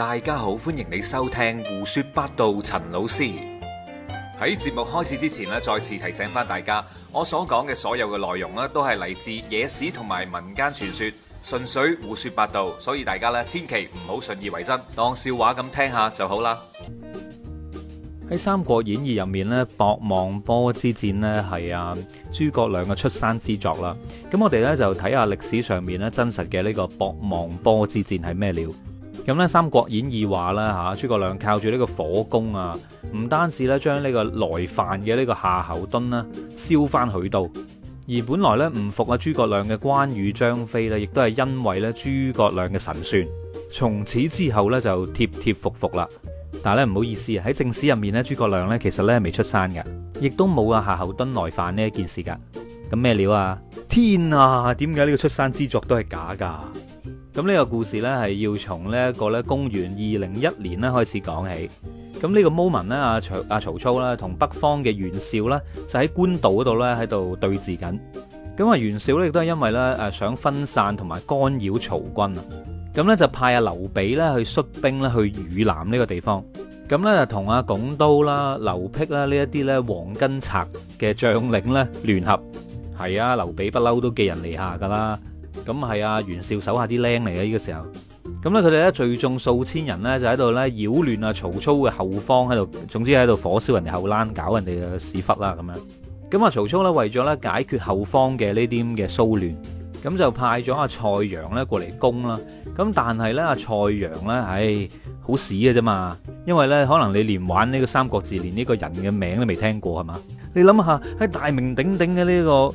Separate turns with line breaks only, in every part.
大家好，歡迎你收聽胡說八道。陳老師喺節目開始之前咧再次提醒翻大家，我所講嘅所有嘅內容咧都係嚟自野史同埋民間傳說，純粹胡說八道，所以大家咧千祈唔好信以為真，當笑話咁聽下就好啦。喺《三國演義》入面咧，博望波之戰咧係阿諸葛亮嘅出山之作啦。咁我哋咧就睇下歷史上面咧真實嘅呢個博望坡之戰係咩料。咁咧《三國演義》話啦吓，諸葛亮靠住呢個火攻啊，唔單止咧將呢個來犯嘅呢個夏侯惇啦燒翻佢度，而本來咧唔服啊諸葛亮嘅關羽張飛咧，亦都係因為咧諸葛亮嘅神算，從此之後咧就貼貼服服啦。但係咧唔好意思啊，喺正史入面咧，諸葛亮咧其實咧未出山嘅，亦都冇啊夏侯惇來犯呢一件事㗎。咁咩料啊？天啊！點解呢個出山之作都係假㗎？咁呢個故事呢，係要從呢一個咧公元二零一年咧開始講起。咁呢個 moment 咧阿曹阿、啊、曹操啦，同北方嘅袁紹呢，就喺官渡嗰度呢，喺度對峙緊。咁啊袁紹呢，亦都係因為呢，誒想分散同埋干擾曹軍啊。咁呢，就派阿劉備呢，去率兵咧去汝南呢個地方。咁就同阿龔都啦、劉辟啦呢一啲呢，黃巾賊嘅將領呢，聯合。係啊，劉備不嬲都寄人籬下噶啦。咁係啊，袁紹手下啲僆嚟嘅呢個時候，咁咧佢哋咧聚眾數千人咧就喺度咧擾亂啊曹操嘅後方喺度，總之喺度火燒人哋後欄，搞人哋嘅屎忽啦咁樣。咁啊曹操咧為咗咧解決後方嘅呢啲咁嘅騷亂，咁就派咗阿、啊、蔡陽咧過嚟攻啦。咁但係咧阿蔡陽咧，係好屎嘅啫嘛。因為咧可能你連玩呢個《三國志》，連呢個人嘅名都未聽過係嘛？你諗下喺大名鼎鼎嘅呢、呢個。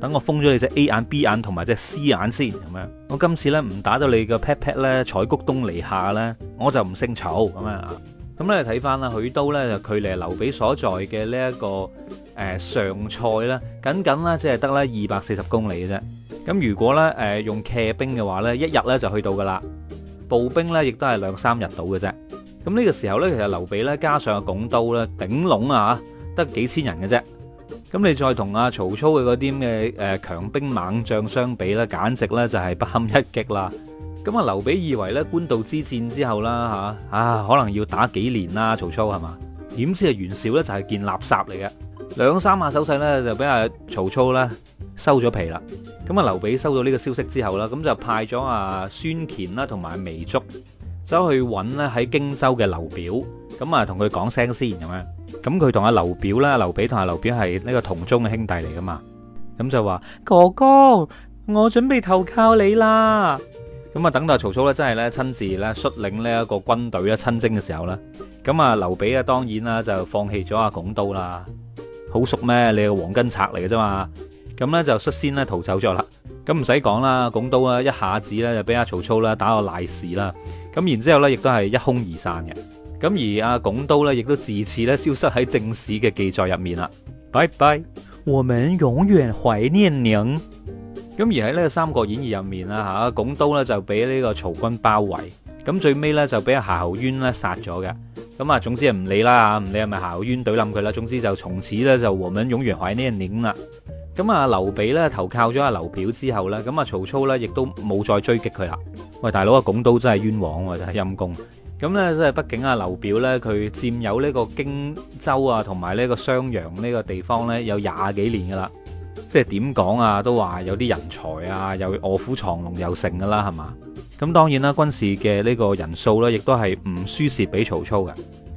等我封咗你隻 A 眼、B 眼同埋隻 C 眼先，咁樣我今次咧唔打到你個 pat pat 咧，採菊東籬下咧，我就唔姓丑咁啊！咁咧睇翻啦，許都咧就距離劉備所在嘅呢一個誒上蔡咧，僅僅咧只係得咧二百四十公里嘅啫。咁如果咧誒用騎兵嘅話咧，一日咧就去到㗎喇。步兵咧亦都係兩三日到嘅啫。咁呢個時候咧，其實劉備咧加上個拱刀咧，頂籠啊，得幾千人嘅啫。咁你再同阿曹操嘅嗰啲嘅強兵猛將相比呢，簡直呢就係不堪一擊啦！咁啊，劉備以為呢官渡之戰之後啦嚇，啊可能要打幾年啦，曹操係嘛？點知啊袁紹呢就係件垃圾嚟嘅，兩三下手勢呢就俾阿曹操呢收咗皮啦！咁啊，劉備收到呢個消息之後啦，咁就派咗阿、啊、孫乾啦同埋糜竺走去揾呢喺荊州嘅劉表，咁啊同佢講聲先咁樣。咁佢同阿劉表啦，劉備同阿劉表係呢個同宗嘅兄弟嚟噶嘛，咁就話哥哥，我準備投靠你啦。咁啊，等到曹操咧，真係咧親自咧率領呢一個軍隊啊，親征嘅時候咧，咁啊，劉備啊，當然啦就放棄咗阿龔都啦，好熟咩？你個黃巾賊嚟嘅啫嘛，咁咧就率先咧逃走咗啦，咁唔使講啦，龔都啊一下子咧就俾阿曹操啦打個瀨屎啦，咁然之後咧亦都係一哄而散嘅。咁而阿龔都咧，亦都自此咧消失喺正史嘅記載入面啦。Bye bye，我們永遠懷念您。咁而喺呢個《三國演義》入面啦，吓龔都咧就俾呢個曹軍包圍，咁最尾咧就俾阿夏侯淵咧殺咗嘅。咁啊，總之唔理啦，唔理係咪夏侯淵懟冧佢啦。總之就從此咧就我們永遠懷念您啦。咁啊，劉備咧投靠咗阿劉表之後咧，咁啊曹操咧亦都冇再追擊佢啦。喂，大佬啊，龔都真係冤枉啊，真係陰公。咁咧，即係畢竟啊，劉表咧，佢佔有呢個荊州啊，同埋呢個襄陽呢個地方咧，有廿幾年噶啦，即係點講啊，都話有啲人才啊，又臥虎藏龍又成噶啦，係嘛？咁當然啦，軍事嘅呢個人數咧，亦都係唔輸蝕俾曹操嘅。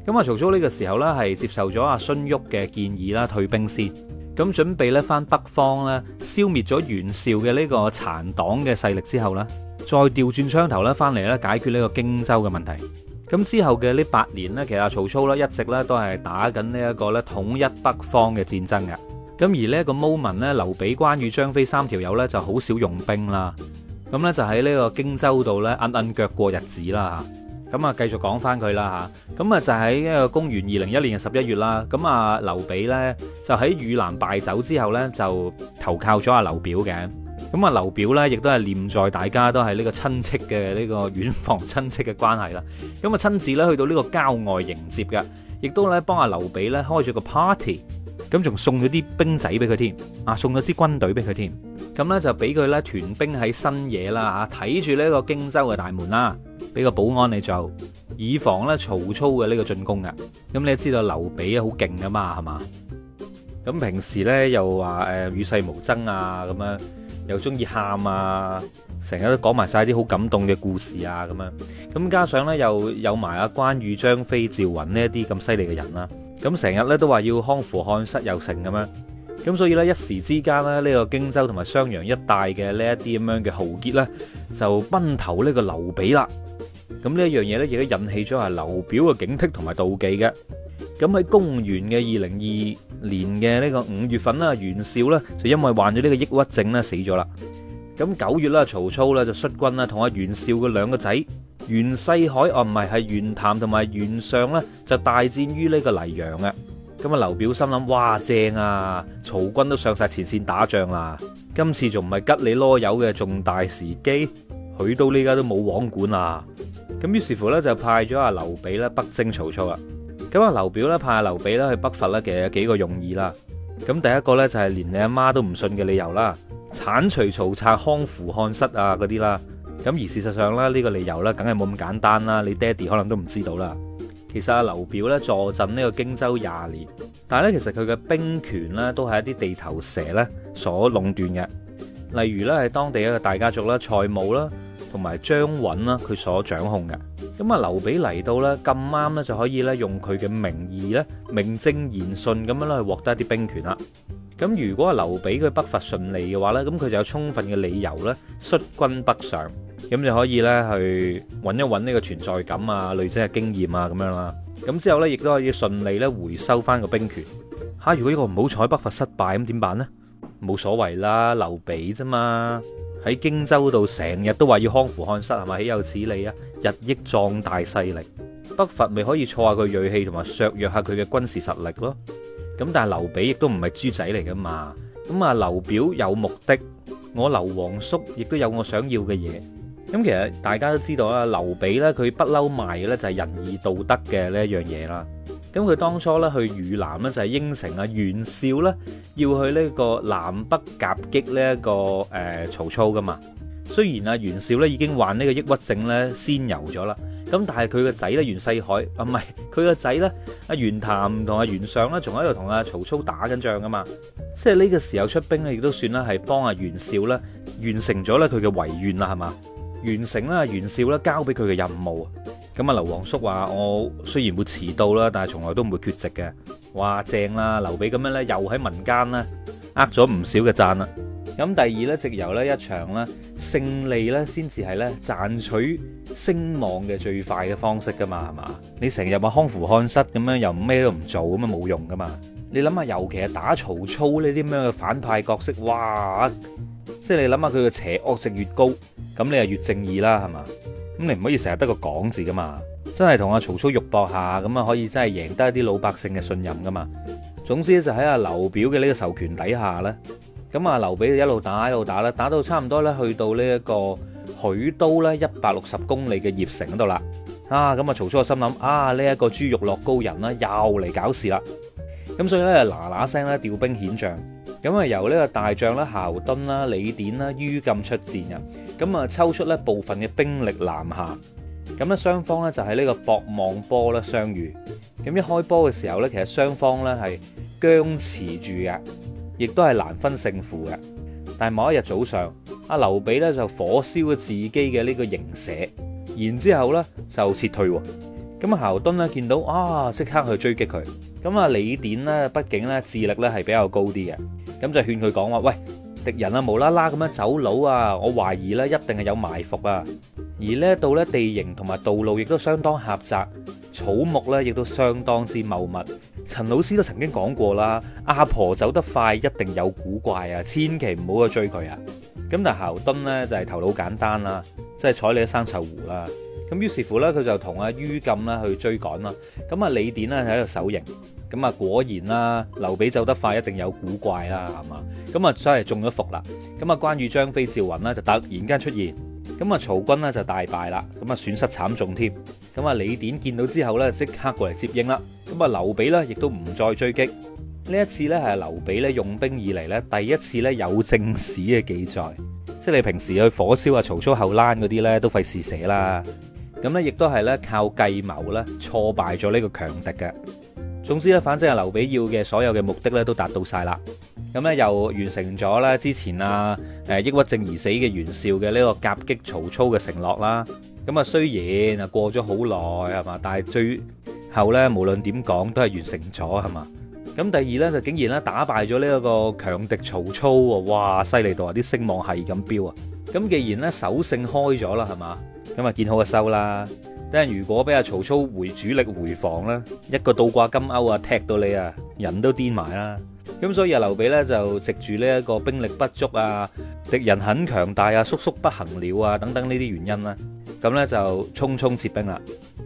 咁啊，曹操呢個時候咧，係接受咗阿荀彧嘅建議啦，退兵先，咁準備咧翻北方咧，消滅咗袁紹嘅呢個殘黨嘅勢力之後咧，再調轉槍頭咧，翻嚟咧解決呢個荊州嘅問題。咁之後嘅呢八年呢，其實曹操呢，一直呢都係打緊呢一個呢統一北方嘅戰爭嘅。咁而呢個 moment 呢，劉備、關羽、張飛三條友呢，就好少用兵啦。咁呢，就喺呢個荊州度呢，韌韌腳過日子啦。咁啊繼續講翻佢啦吓。咁啊就喺呢個公元二零一年嘅十一月啦。咁啊劉備呢，就喺汝南敗走之後呢，就投靠咗阿劉表嘅。咁啊，劉表咧，亦都係念在大家都係呢個親戚嘅呢個遠房親戚嘅關係啦。咁啊，親自咧去到呢個郊外迎接嘅，亦都咧幫阿劉備咧開咗個 party，咁仲送咗啲兵仔俾佢添，啊送咗支軍隊俾佢添，咁咧就俾佢咧屯兵喺新野啦，吓睇住呢個荊州嘅大門啦，俾個保安嚟做，以防咧曹操嘅呢個進攻嘅。咁你知道劉備好勁噶嘛，係嘛？咁平時咧又話誒與世無爭啊，咁樣。又中意喊啊！成日都講埋曬啲好感動嘅故事啊咁樣，咁加上咧又有埋啊關羽、張飛、趙雲呢一啲咁犀利嘅人啦，咁成日咧都話要匡復漢室又成咁樣，咁所以咧一時之間咧呢個荊州同埋襄陽一帶嘅呢一啲咁樣嘅豪傑咧就奔投呢個劉備啦，咁呢一樣嘢咧亦都引起咗啊劉表嘅警惕同埋妒忌嘅。咁喺公元嘅二零二年嘅呢個五月份啦，袁紹啦就因為患咗呢個抑鬱症啦死咗啦。咁九月啦，曹操啦就率軍啦同阿袁紹嘅兩個仔袁世海哦，唔係，係袁譚同埋袁尚咧就大戰於呢個黎陽啊。咁啊劉表心諗，哇，正啊，曹軍都上晒前線打仗啦，今次仲唔係吉你囉柚嘅重大時機？佢到呢家都冇王管啦。咁於是乎呢就派咗阿劉備啦北征曹操啦。咁啊，劉表咧派阿劉備咧去北伐咧，其實有幾個用意啦。咁第一個咧就係連你阿媽都唔信嘅理由啦，鏟除曹賊、啊、匡扶漢室啊嗰啲啦。咁而事實上咧，呢個理由咧，梗係冇咁簡單啦。你爹哋可能都唔知道啦。其實阿劉表咧坐鎮呢個荊州廿年，但係咧其實佢嘅兵權咧都係一啲地頭蛇咧所壟斷嘅，例如咧係當地一個大家族啦，蔡瑁啦，同埋張允啦，佢所掌控嘅。咁啊，劉備嚟到呢，咁啱呢就可以呢，用佢嘅名義呢，名正言順咁樣去獲得一啲兵權啦。咁如果啊，劉備佢北伐順利嘅話呢，咁佢就有充分嘅理由呢，率軍北上，咁就可以呢，去揾一揾呢個存在感啊、累積嘅經驗啊咁樣啦。咁之後呢，亦都可以順利呢，回收翻個兵權。嚇，如果呢個唔好彩北伐失敗，咁點辦呢？冇所謂啦，劉備啫嘛。喺荊州度成日都話要匡扶漢室，係咪？豈有此理啊！日益壯大勢力，北伐咪可以挫下佢銳氣，同埋削弱下佢嘅軍事實力咯。咁但係劉備亦都唔係豬仔嚟噶嘛？咁啊，劉表有目的，我劉皇叔亦都有我想要嘅嘢。咁其實大家都知道啦，劉備呢佢不嬲賣嘅呢就係仁義道德嘅呢一樣嘢啦。咁佢當初咧去汝南咧就係應承啊袁紹咧要去呢個南北夾擊呢、這、一個、呃、曹操噶嘛。雖然啊袁紹咧已經患呢個抑鬱症咧仙遊咗啦，咁但係佢個仔咧袁世海啊唔係佢個仔咧阿袁譚同阿袁尚咧仲喺度同阿曹操打緊仗噶嘛。即係呢個時候出兵咧，亦都算啦係幫阿袁紹咧完成咗咧佢嘅遺願啦，係嘛？完成啦袁紹咧交俾佢嘅任務。咁啊，劉皇叔話我雖然會遲到啦，但係從來都唔會缺席嘅。話正啦，劉備咁樣咧，又喺民間咧，呃咗唔少嘅讚啦。咁第二咧，直由呢一場咧勝利咧，先至係咧賺取聲望嘅最快嘅方式噶嘛，係嘛？你成日話匡扶漢室咁樣，又咩都唔做，咁啊冇用噶嘛？你諗下，尤其係打曹操呢啲咁樣嘅反派角色，哇！即係你諗下佢嘅邪惡性越高，咁你就越正義啦，係嘛？咁你唔可以成日得個講字噶嘛？真係同阿曹操肉搏下咁啊，可以真係贏得一啲老百姓嘅信任噶嘛？總之就喺阿劉表嘅呢個授權底下呢咁啊，劉備一路打一路打啦，打到差唔多呢去到呢一個許都呢一百六十公里嘅葉城嗰度啦啊！咁啊，曹操心諗啊，呢一個豬肉樂高人啦，又嚟搞事啦！咁所以呢，嗱嗱聲呢，調兵遣將。咁啊，由呢個大將啦、侯惇啦、李典啦、于禁出戰啊！咁啊，抽出咧部分嘅兵力南下。咁咧，雙方咧就喺呢個博望坡咧相遇。咁一開波嘅時候咧，其實雙方咧係僵持住嘅，亦都係難分勝負嘅。但係某一日早上，阿劉備咧就火燒咗自己嘅呢個營舍，然之後咧就撤退。咁啊，侯惇咧見到啊，即刻去追擊佢。咁啊，李典咧，畢竟咧智力咧係比較高啲嘅。咁就勸佢講話：喂，敵人啊，無啦啦咁樣走佬啊，我懷疑呢一定係有埋伏啊。而呢度呢，地形同埋道路亦都相當狹窄，草木呢亦都相當之茂密。陳老師都曾經講過啦，阿婆走得快一定有古怪啊，千祈唔好去追佢啊。咁但係夏侯惇呢就係、是、頭腦簡單啦、啊，即係睬你一生臭狐啦、啊。咁於是乎呢，佢就同阿于禁呢去追趕啦。咁啊，李典呢就喺度守營。咁啊，果然啦，劉備走得快，一定有古怪啦，係嘛？咁啊，真係中咗伏啦。咁啊，關羽、張飛、趙雲呢，就突然間出現，咁啊，曹軍呢，就大敗啦，咁啊，損失慘重添。咁啊，李典見到之後呢，即刻過嚟接應啦。咁啊，劉備呢，亦都唔再追擊。呢一次呢，係劉備呢用兵以嚟呢，第一次呢，有正史嘅記載，即係你平時去火燒啊曹操後欄嗰啲呢，都費事寫啦。咁呢，亦都係呢，靠計謀呢，挫敗咗呢個強敵嘅。總之咧，反正係劉備要嘅所有嘅目的咧，都達到晒啦。咁咧又完成咗之前啊，誒，抑鬱症而死嘅袁紹嘅呢個夾擊曹操嘅承諾啦。咁啊，雖然啊過咗好耐係嘛，但係最後咧，無論點講都係完成咗係嘛。咁第二咧就竟然咧打敗咗呢一個強敵曹操喎，哇，犀利到啊啲聲望係咁飆啊！咁既然咧首勝開咗啦，係嘛，咁啊見好就收啦。但係如果俾阿曹操回主力回防啦，一個倒掛金鈎啊，踢到你啊，人都癲埋啦。咁所以阿劉備呢，就藉住呢一個兵力不足啊，敵人很強大啊，叔叔不行了啊等等呢啲原因啦，咁呢就匆匆撤兵啦。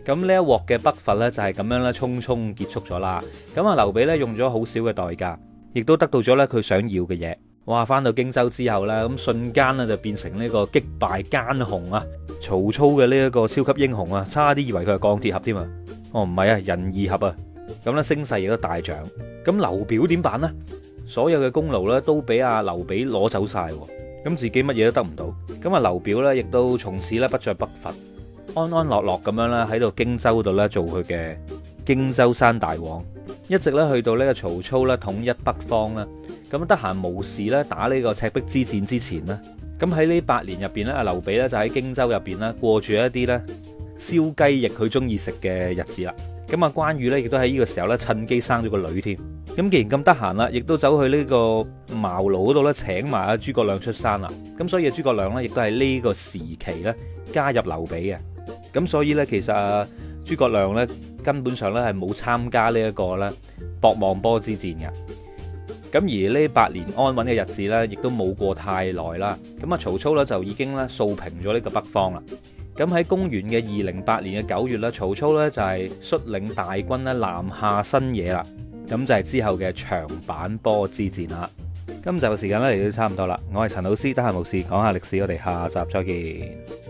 咁呢一鑊嘅北伐呢，就係咁樣啦，匆匆結束咗啦。咁啊，劉備呢，用咗好少嘅代價，亦都得到咗呢佢想要嘅嘢。哇！翻到荊州之後咧，咁瞬間咧就變成呢個擊敗奸雄啊，曹操嘅呢一個超級英雄啊，差啲以為佢係鋼鐵俠添啊！哦，唔係啊，仁義俠啊！咁咧，聲勢亦都大漲。咁劉表點辦咧？所有嘅功勞咧都俾阿劉備攞走晒，咁自己乜嘢都得唔到。咁啊，劉表咧亦都從此咧不再北伐，安安樂樂咁樣咧喺度荊州度咧做佢嘅荊州山大王，一直咧去到呢個曹操咧統一北方啦。咁得閒無事咧，打呢個赤壁之戰之前咧，咁喺呢八年入面咧，阿劉備就喺荊州入面咧過住一啲咧燒雞翼佢中意食嘅日子啦。咁啊，關羽呢，亦都喺呢個時候咧趁機生咗個女添。咁既然咁得閒啦，亦都走去呢個茅廬嗰度咧請埋阿諸葛亮出山啦。咁所以啊，諸葛亮呢亦都喺呢個時期咧加入劉備嘅。咁所以呢，其實啊，諸葛亮呢根本上呢係冇參加呢一個咧博望坡之戰嘅。咁而呢八年安穩嘅日子呢，亦都冇過太耐啦。咁啊，曹操呢，就已經呢掃平咗呢個北方啦。咁喺公元嘅二零八年嘅九月呢，曹操呢就係率領大軍南下新野啦。咁就係、是、之後嘅長坂坡之戰啦。今集嘅時間呢嚟到差唔多啦。我係陳老師，得閒無事講下歷史，我哋下集再見。